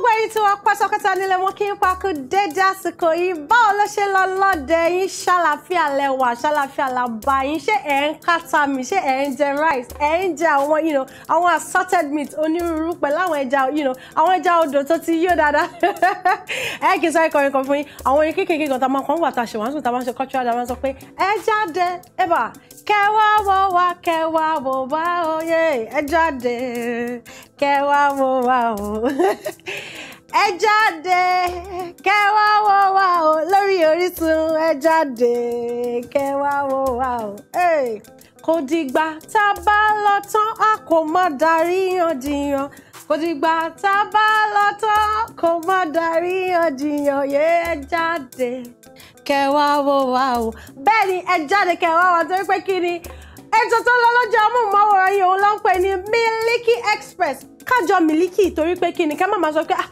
gbogbo ẹ̀yin tí wọ́n pátákátá nílé wọn kí n pakú dédé àsìkò yìí báwo ló ṣe lọ lọ́dẹ yín ṣàlàfíà lẹ́wà ṣàlàfíà làbà yín ṣé ẹ̀ ń kàtà mi ṣé ẹ̀ ń jẹ rice ẹ̀ ń jẹ àwọn you know àwọn assorted meat onírúurú pẹ̀lú àwọn ẹja you know àwọn ẹja odò tó ti yó dáadáa ẹ kì í sọ ikọ̀ ikọ̀ fún yín àwọn orin kéékèèké kan tá a máa kàn wà tá a ṣe wàásù tá a máa ṣe cultural dá a máa sọ pé ẹ jáde ẹ bà kẹwàá wọ wá kẹwàá wọ wá oyè ẹ jáde kẹwàá wọ wá o. ẹ jáde kẹ wá wò wá o lórí Orísun ẹ jáde kẹ wá wò wá o kò dìgbà tá a bá lọ tán a kò má darí yànjiyàn kò dìgbà tá a bá lọ tán kò má darí yànjiyàn yé ẹ jáde kẹ wá wò wá o bẹ́ẹ̀ ni ẹ jáde kẹ wá wá torí pé kí ni ètò tó lọ lọ́jọ́ amóhùnmáwòrán yìí òun ló ń pè ní Miliki Express kájọ miliki torí pé kí ni ká má máa sọ pé ah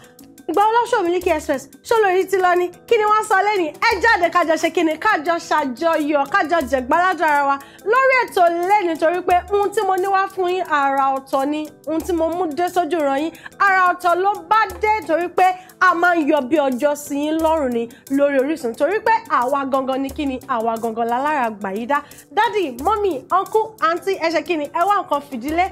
ìgbà ọlọ́ṣọ́ mílíkì express ṣó lórí ti lọ ni kí ni wọ́n sọ lẹ́yìn ẹ jáde kájọ ṣe kí ni kájọ ṣàjọyọ̀ kájọ jẹ̀gbáládùn ara wa lórí ètò lẹ́yìn torí pé ohun tí mo ní wá fún yín àrà ọ̀tọ̀ ni ohun tí mo mú dé sójú ràn yín àrà ọ̀tọ̀ ló bá dé torí pé a máa ń yọ bí ọjọ́ sí yín lọ́rùn ni lórí Orísun torí pé àwa gangan ni kí ni àwa gangan lálára gbàyídá dádì mọ́mì ọ̀nkú àǹtí ẹ kí ni ẹ wá nǹkan fìdílé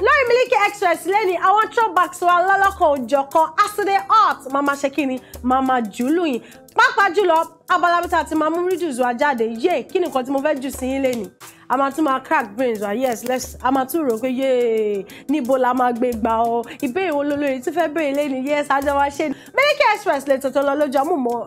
lórí Miliki Express lẹ́ni àwọn throwbacks wa lọ́lọ́kan òjọ̀kan aside art mama ṣekini mama jùlù yìí pàápàá jùlọ abalabita ti máa mú rídùs wa jáde yé kí ni nǹkan tí mo fẹ́ jù sí yín lẹ́ni a máa tún máa crack brains wa yes let's a máa tún rò pé yéé níbo la máa gbé gbà ọ ìbéèrè wo lolórí tí fẹ́ béèrè lẹ́ni yes ajá wa ṣe ni. Miliki Express lè tọ̀tọ̀ lọ lójú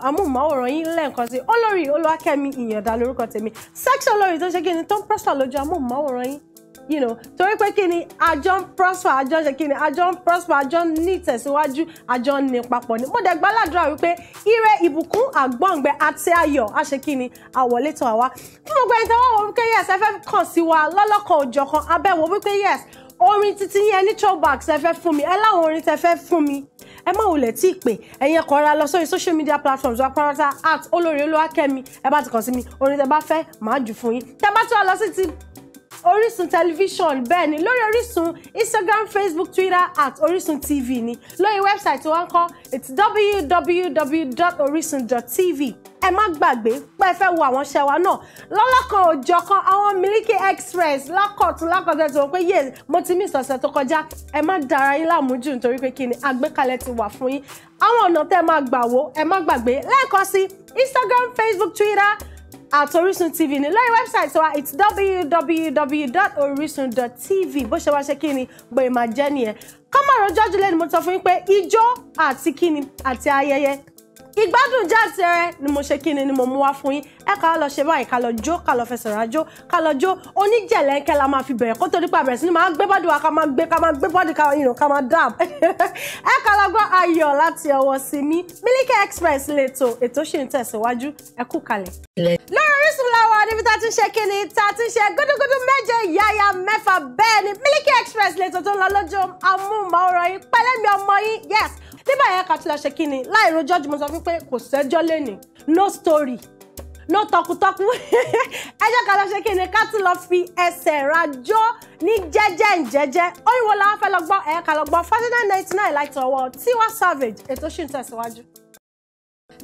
amúhùnmáwòrán yín lẹ́ẹ̀kan sí olórí Olúwakẹ́mi Ìyàndá lórúkọ tèmi section olórí tó ṣe kí ni tó ń pẹ́sà lójú amúhùnmáwòrán yín you know torí pé kí ni àjọ ń prosper àjọ ń ṣe kí ni àjọ prosper àjọ ń ní ìtẹ̀síwájú àjọ ń ní papọ̀ ni mo dẹ̀ gbàládùra wípé ire ìbùkún àgbọ̀ǹgbẹ àti ayọ̀ á ṣe kí ni àwọlé tàn wá fún gbogbo ẹni tí wọ́n wọ wípé yes ẹ fẹ́ kàn sí wa lọ́lọ́kan òjọ̀kan abẹ́wò wípé yes orin títí yẹn ní throwbacks ẹ fẹ́ fún mi ẹ láwọn orin tẹ fẹ́ fún mi ẹ má wulẹ̀ tí ì pè ẹ̀yin ẹ̀kọ́ ra lọ sórí social media platforms wa pàrọ̀tà at olórí olúwakẹ́mi ẹ bá ti kàn sí mi orin tẹ bá fẹ́ màá jù fún yín tẹ bá tún wà lọ sí ti Orísun tẹlifíṣàn bẹ́ẹ̀ ni lórí Orísun Instagram Facebook Twitter at Orísun TV ni lórí wẹ́bsáìtì wa ń kọ́ it's www.orisun.tv ẹ má gbàgbé pé ẹ fẹ́ wo àwọn iṣẹ́ wa náà lọ́lọ́kan òjọ̀kan àwọn Miliki Express lákọ̀tún lákọ̀tún ẹ̀sìn wọn pé yé mo ti mí ìsọ̀sẹ̀ tó kọjá ẹ má dára yín láàmú jù nítorí pé kí ni àgbékalẹ̀ ti wà fún yín àwọn ọ̀nà tẹ́ ẹ má gbà wò ẹ má gbàgbé lẹ́ẹ̀kan sí Instagram Facebook Twitter at Orisun TV ní lórí website, wa it's www.orisun.tv bó ṣe wá ṣe kí ni bóyá máa jẹ́ nìyẹn kọ́mọ̀rọ̀ jọ́jú lẹ́nu mo sọ fún yín pé ijó àti kí ni àti ayẹyẹ ìgbádùn jáàtẹrẹ ni mo ṣe kíni ni mo mú wá fún yín ẹ ká lọ ṣe báyìí ká lọ jó ká lọ fẹsẹ̀ rájó ká lọ jó oníjẹ̀lẹ́ńkẹ́ la máa fi bẹ̀rẹ̀ kó torí pé àbẹ̀rẹ̀ sí ni máa gbé bọ́dì wa ká máa gbé ká máa gbé bọ́dì ká yìnyín ká máa dab ẹ ká lọ gbọ́ ayọ̀ láti ọwọ́ sí mi Miliki Express lẹ́tọ̀ ètò ṣì ń tẹ̀síwájú ẹ kú kalẹ̀. lórí Orísun làwọn níbi tá a ti ṣe kíni tá a ti ṣe gúdúgúdú méje yáyà mẹ́fà bẹ́ẹ̀ ni Miliki Express lẹ́tọ̀ tó ń lọ lójú amúhùnmáwòrán yín pẹ̀lẹ́mi ọmọ yín yes nígbà yẹn ká ti lọ ṣe kíni láì rojọ́ jùmọ̀ sọ fún pé kò sẹ́jọ́ lẹ́nì no story no tọkutọku ẹ jẹ́ ká lọ ṣe kí ni ká tún lọ fi ẹsẹ̀ rajó ní jẹ́jẹ́ ǹjẹ́jẹ́ orin wo la wá fẹ́ lọ gbọ́ ẹ̀ka lọ gbọ́ four hundred láti ọwọ́ Tiwa Savage ètò ṣì ń tẹ̀síwájú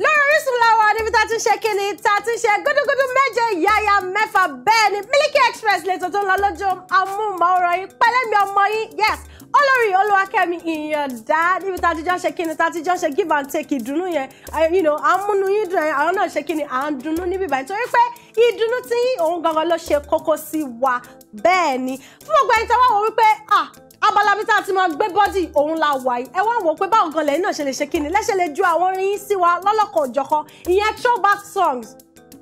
lórí Orísun làwọn níbi tá a ti ṣe kíni tá a ti ṣe gúdúgúdú méje yáyà mẹ́fà bẹ́ẹ̀ Express lè tó tó ń lọ lójú amúhùnmáwòrán yín pẹ́lẹ́mi ọmọ yes olórí olúwakẹ́mi ìyànda níbi tá a ti jọ ṣe kíni tá give and take ìdùnnú yẹn eh, you know àmúnú yín dùn yẹn àwọn náà ṣe kíni à ń dunnú níbí báyìí torí pé ìdùnnú tí òun gangan ló ṣe kókó sí wa bẹ́ẹ̀ ni fún gbogbo ẹni tó wà wọ́n wípé ah labalábí tá a ti máa gbé bọ́dì òun la wà yìí ẹ wá wò ó pé báwo gan lẹ́yìn náà ṣe lè ṣe kíni lẹ́ṣẹ̀ lè ju àwọn orin yín wa lọ́lọ́kan òjọ̀kan ìyẹn throwback songs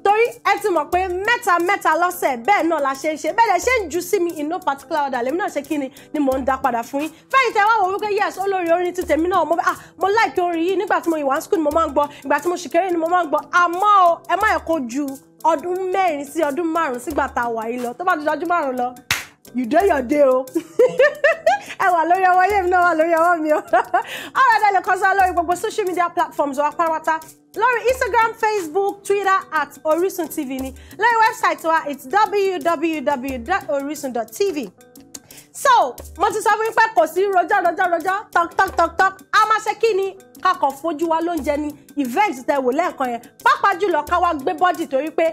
torí ẹ ti mọ̀ pé mẹ́ta mẹ́ta lọ́sẹ̀ bẹ́ẹ̀ náà la ṣe ń ṣe bẹ́ẹ̀ ṣe ju sí mi in no particular order lèmi náà ṣe kí ni ni mò ń dá padà fún yín fẹ́yìn tẹ́ wá wò wípé yes olórí orin ti tèmi náà mo bá ah, mo like orin yìí nígbà tí mo ìwà school ni mo máa ń gbọ́ ìgbà tí mo ṣì ni mo máa ń gbọ́ àmọ́ o ẹ má yẹ ju ọdún mẹ́rin sí ọdún márùn sígbà tá a wà yìí lọ tó bá ju ọdún márùn lọ you dey your day o. ẹ wà lórí ọwọ́ yẹn mi náà wà lórí ọwọ́ mi o ọ̀rọ̀ ẹ̀dá lè kọ sí lórí gbogbo social media platforms wa pátápátá lórí instagram facebook twitter at orisun tv ni lórí website wa it's www.orisun.tv so mo ti sọ fún yín pé kò sí rojọ́ rojọ́ rojọ́ tọ́k tọ́k tọ́k tọ́k a máa ṣe kí ni kakọ̀ fojú wa lóúnjẹ ni event tẹ wò lẹ́ẹ̀kan yẹn pápá jùlọ ká wá gbé bọ́dì torí pé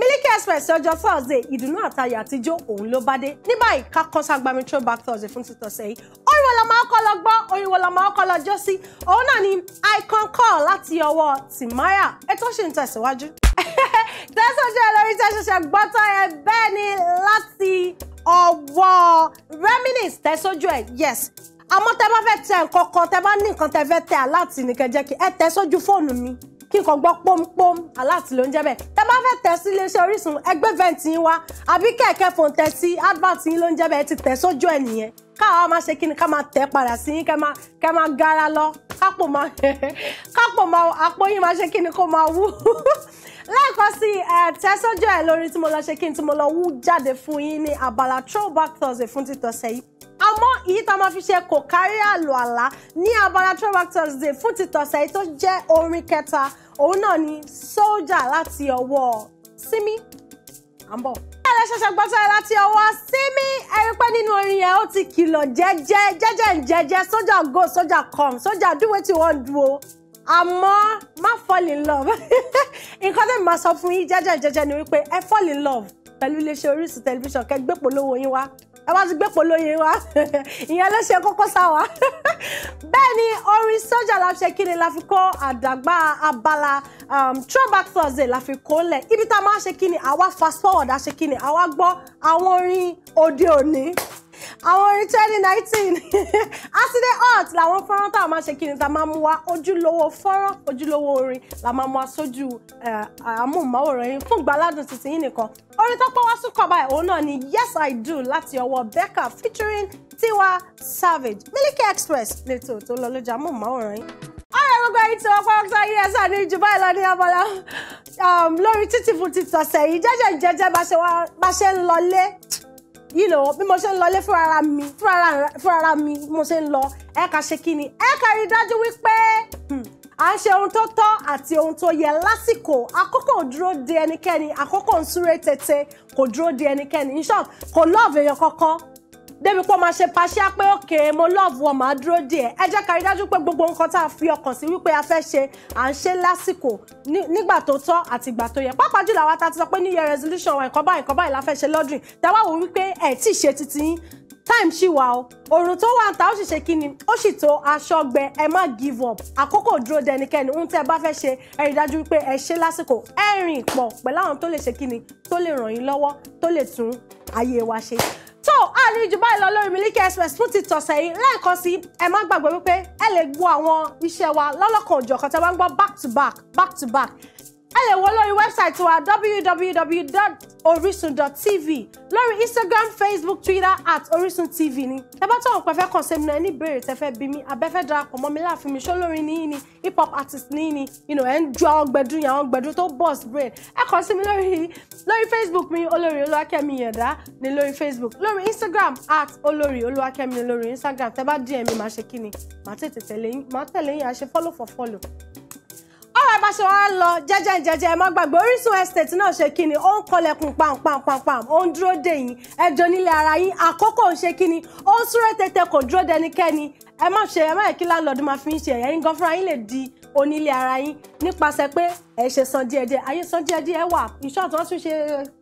Miliki Express ọjọ́ Thursday ìdùnnú àtayọ̀ àtijọ́ òun ló bá dé ní báyìí ká kọ́ ságbami throwback Thursday fún títọ́ sẹ́yìn orin wo la máa kọ́ lọ gbọ́ orin wo la máa kọ́ lọ jó sí òun náà ni icon call láti ọwọ́ Timaya ètò ṣì ń tẹ̀síwájú tẹ́sọ̀ṣẹ́ lórí tẹ́sọ̀ṣẹ́ gbọ́tọ̀ ẹ bẹ́ẹ̀ ni láti ọwọ́ reminisce tẹ́sọ̀jú ẹ̀ yes àmọ́ tẹ bá fẹ́ tẹ nǹkan kan tẹ bá ní nǹkan tẹ fẹ́ tẹ aláàtì ní kẹjẹ́ kí ẹ tẹ́sọ̀jú fóònù mi kí n kàn gbọ́ pómpóm aláàtì ló ń jẹ́ bẹ́ẹ̀ tẹ́ bá fẹ́ tẹ̀ sí iléeṣẹ́ Orísun ẹgbẹ́ vẹ́ǹtì yín wá àbí kẹ̀kẹ́ fòǹtẹ̀ sí advert yín ló ń jẹ́ bẹ́ẹ̀ ti tẹ̀ sójú ẹ̀ nìyẹn káwa máa ṣe kí ni ká máa tẹ̀ padà sí yín kẹ́ máa gara lọ kápò máa kápò máa àpò yín máa ṣe kí ni kó máa wú lẹ́ẹ̀kan sí ẹ tẹ́sọ́jọ́ ẹ̀ lórí tí mo lọ ṣe kí n tí mo lọ wú jáde fún yín ní abala throwback thursday fún títọ́sẹ̀ yìí àmọ́ èyí tá a máa fi ṣe kò kárí àlọ́ àlá ní abala throwback thursday fún títọ́sẹ̀ yìí tó jẹ́ orin kẹta òun náà ni sójà láti ọwọ́ símí àmbọ̀. ẹ̀rẹ́ ṣẹ̀ṣẹ̀ gbọ́sọ̀rọ̀ láti ọwọ́ símí ẹ̀rí pé nínú orin yẹn ó ti kìlọ̀ jẹ́jẹ́ jẹ́jẹ́ jẹ́jẹ́ sójà go sójà come sójà do wetin you wan do o àmọ́ má fall in love nǹkan tẹ́mi máa sọ fún yín jẹ́jẹ́ jẹ́jẹ́ ni wípé ẹ fall in love pẹ̀lú iléeṣẹ́ Orísun tẹlifíṣàn kẹgbẹ́ polówó yín wá ẹ wá ti gbé polóye wa ìyẹn ló ṣe kókó sá wa bẹ́ẹ̀ ni orin sọ́jà la ṣe kíni la fi kó àdàgbà abala um, throwback thursday la fi kó lẹ̀ ibi tá a máa ṣe kíni àwa fast forward a ṣe kíni àwa gbọ́ àwọn orin òde òní àwọn orin twenty nineteen aside hot làwọn fọ́nrán tá a máa ṣe kí ni tá a máa mú wa ojúlówó fọ́nrán ojúlówó orin la máa mú wa sójú amóhùnmáwòrán yín fún gbàládùn títí yín nìkan orin tó pọ́ wá sùkọ̀ báyìí òun náà ni yes i do láti ọwọ́ Becca featuring Tiwa Savage Miliki Express lẹ́tọ̀ tó lọ lójú amóhùnmáwòrán yín ọ̀rọ̀ gbogbo ẹ̀yin tí wọ́n pọ́ sọ yí ẹ̀sà ní jù báyìí lọ ní abala um, lórí títì fún títọ̀sẹ̀ yìí jẹ́jẹ́ jẹ́jẹ́ bá ṣe ń lọlé You know, bí mo ṣe ń lọlé fúnra mi fúnra mi bí mo ṣe ń lọ ẹ ká ṣe kí ni ẹ ká rí dájú wípé hmm, à ń ṣe ohun tó tọ́ àti ohun tó yẹ lásìkò àkókò dúró de ẹnikẹ́ni àkókò ń súré tètè kò dúró de ẹnikẹ́ni in short kò lọ́ọ̀bù èèyàn kankan débi pọ́ máa ṣe paṣíà pé òkè mo love wọn máa dúró díẹ̀ ẹ jẹ́ ká rí dájú pé gbogbo nǹkan tá a fi ọkàn sí wípé a fẹ́ ṣe à ń ṣe lásìkò nígbà tó tọ́ àti ìgbà tó yẹ pàápàá jùlọ àwa ta ti sọ pé new year resolution wa nǹkan báyìí nǹkan báyìí la fẹ́ ṣe lọ́dún tẹ́wá wò wípé ẹ̀ tí ì ṣe titi yín time ṣì wà o oòrùn tó wà ń ta ó sì ṣe kí ni ó sì tó aṣọ gbẹ ẹ má give up àkókò dúró dẹnikẹ́ni ohun tẹ́ ẹ bá fẹ́ ṣe ẹ rí dájú wípé ẹ ṣe lásìkò ẹ rìn pọ̀ pẹ̀lú àwọn tó lè ṣe kí ni tó lè ràn yín lọ́wọ́ tó lè tún ayé wa ṣe ní jù báyìí lọ lórí Miliki Express fún ti tọ̀sẹ̀ yìí lẹ́ẹ̀kan sí ẹ má gbàgbé wípé ẹ lè gbọ́ àwọn iṣẹ́ wa lọ́lọ́kan òjọ̀kan tẹ́ wá ń gbọ́ back to back back to back ẹ lè wọ lórí wẹ́bsáìtì wa www.orisun.tv lórí instagram facebook twitter at orisun ni ẹ bá tọ̀hún pẹ̀fẹ́ kàn sí mi náà ẹni béèrè tẹ́fẹ́ bí mi abẹ́fẹ́ darapọ̀ mọ́ mi láàfin mi ṣólórin níyìn ni hip hop artist níyìn ni you know ẹ̀ ń ju àwọn gbẹ̀dú yẹn àwọn gbẹ̀dú tó boss brain ẹ kàn sí mi lórí lórí facebook mi olórí olúwakẹ́mi yẹ̀dá ni lórí facebook lórí instagram at olórí olúwakẹ́mi lórí instagram tẹ́ bá dm mi máa ṣe kí ni màá tètè tẹ̀lé yín màá tẹ̀lé yín àṣẹ follow for follow báyìí bá ṣe wá lọ jẹ́jẹ́ jẹ́jẹ́ ẹ má gbàgbé Orísun estate náà ṣe kíni ó ń kọlẹ̀kùn pàmpàmpàmpàm ó ń dúró dè yín ẹjọ́ nílé ara yín àkókò ń ṣe kíni ó ń súré tètè kò dúró dẹnikẹ́ni ẹ má ṣe ẹ má yẹ kí láńlọ́ọ̀dù máa fi ń ṣe ẹ̀yìn gan fúnra yín lè di onílé ara yín nípasẹ̀ pé ẹ ṣe san díẹ̀díẹ̀ ayé san díẹ̀díẹ̀ wà ìṣọ́ọ̀tún wọn ṣe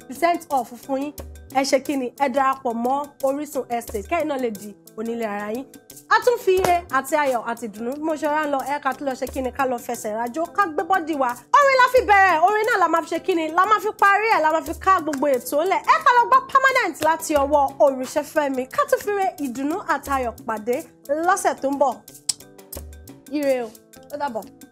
percent off fún yín ẹ ṣe kí ni ẹ darapọ̀ mọ́ Orísun Estate kẹ́yìn náà lè di onílé ara yín a tún fi ire àti ayọ̀ àti ìdùnnú bí mo ṣe rán lọ ẹ ká tún lọ ṣe kí ni ká lọ fẹsẹ̀ rajó ká gbé bọ́dì wa orin la fi bẹ̀rẹ̀ orin náà la máa fi ṣe kí ni la máa fi parí ẹ̀ la máa fi ká gbogbo ètò lẹ̀ ẹ ká lọ gbọ́ permanent láti ọwọ́ Òrìṣẹ́fẹ́mi ká tún fi ire ìdùnnú àti ayọ̀ pàdé lọ́sẹ̀ tó ń bọ̀ ire o ó dàbọ̀.